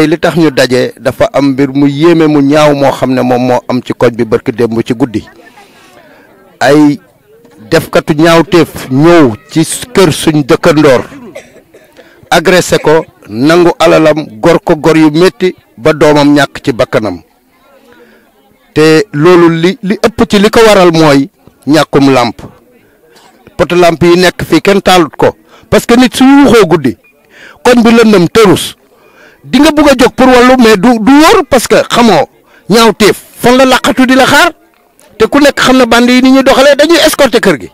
tay li tax ñu daje dafa am bir mu yéme mu ñaaw mo xamné mom mo am ci koñ bi barki dem ci guddii ay defkatu teef ñew ci kër suñ dëkkandoor agressé ko nangu alalam gor ko gor yu metti ba domam ñak ci bakanam te loolu li li ëpp ci liko waral moy ñakum lamp pot lamp yi nek fi ken talut ko parce que nit suñu guddii koñ bi lendam di nga bugg a jóg pour wàllu mais du du wóor parce que xamoo ñaaw téef fan la làqatu di la xaar te ku nekk xam na bànd yi ni ñuy doxalee dañuy escorter kër gi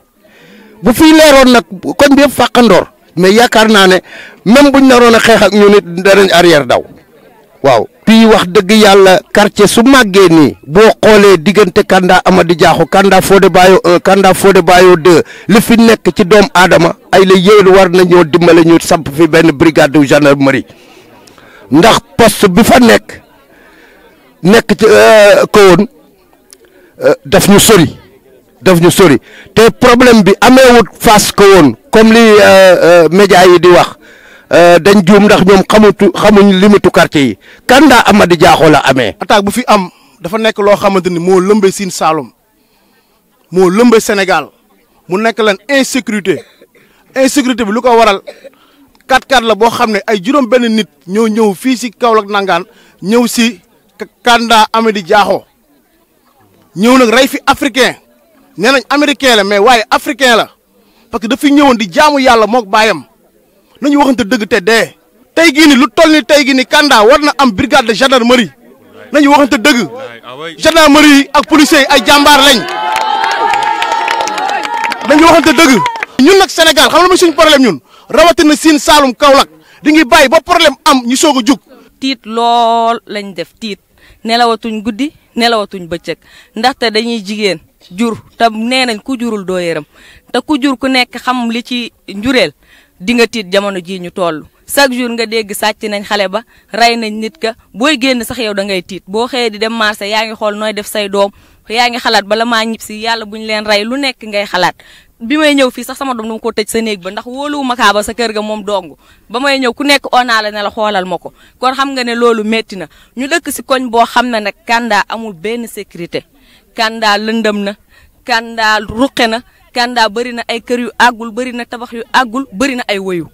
bu fiy leeroon nag koñ bi yëpp fàqandoor mais yaakaar naa ne même buñ naroon a xeex ak ñu nit danañ arrière daw waaw. fii wax dëgg yàlla quartier su màggee nii boo xoolee diggante Kanda Amady Diakhou Kanda Fodé Bayo 1 Kanda Fodé Bayo 2 li fi nekk ci doomu aadama ay la yéen war nañoo dimbale ñu samp fi benn brigade de gendarmerie. ndax poste bi fa nekk nekk ci euh, ko woon euh, daf ñu sori daf ñu sori te problème bi ameewut face ko woon comme li euh, média yi di wax dañ juum ndax ñoom xamutu xamuñ limitu quartier yi kan daa Amady Diakho la amee. attaque bu fi am dafa nekk loo xamante ni moo lëmbee Sine Saalum moo lëmbee Sénégal mu nekk lan insécurité insécurité bi lu ko waral kat kat la bo xamne ne ay juróom ben nit ñoo ñew fi ci kaolak nangaan ñew si Kanda amadi jaxo ñew nak ray fi africain nee nañ américain la mais waye africain la parce que dafi ñewon di jaamu yalla mok bayam nañu waxante deug te dee tay gi ni lu toll ni tay gi ni Kanda warna na am brigade de gendarmerie nañu waxante deug gendarmerie ak policiers ay jambar lañ nañu waxante deug ñun nak Sénégal xam nga suñu problème ñun rawatina Sine Saalum Kaolack di ngi bàyyi ba problème am ñu soog a jug. tiit lool lañ def tiit nelawatuñ guddi nelawatuñ bëccëg ndaxte dañuy jigéen jur te nee nañ ku jurul doo yërëm te ku jur ku nekk xam li ci njureel di nga tiit jamono jii ñu toll. chaque jour nga dégg sàcc nañ xale ba rey nañ nit ka booy génn sax yow da ngay tiit boo xëyee di dem marché yaa ngi xool nooy def say doom yaa ngi xalaat bala maa ñib si yàlla buñ leen rey lu nekk ngay xalaat bi may ñëw fii sax sama doom dama ko tëj sa néeg ba ndax wóoluwu ma kaaba sa kër ga moom dong ba may ñëw ku nekk onaa na la xoolal ma ko kon xam nga ne loolu metti na ñu dëkk si koñ boo xam ne nag Kanda amul benn sécurité Kanda lëndëm na Kanda ruqe na Kanda bëri na ay kër yu àggul bëri na tabax yu àggul bëri na ay woyu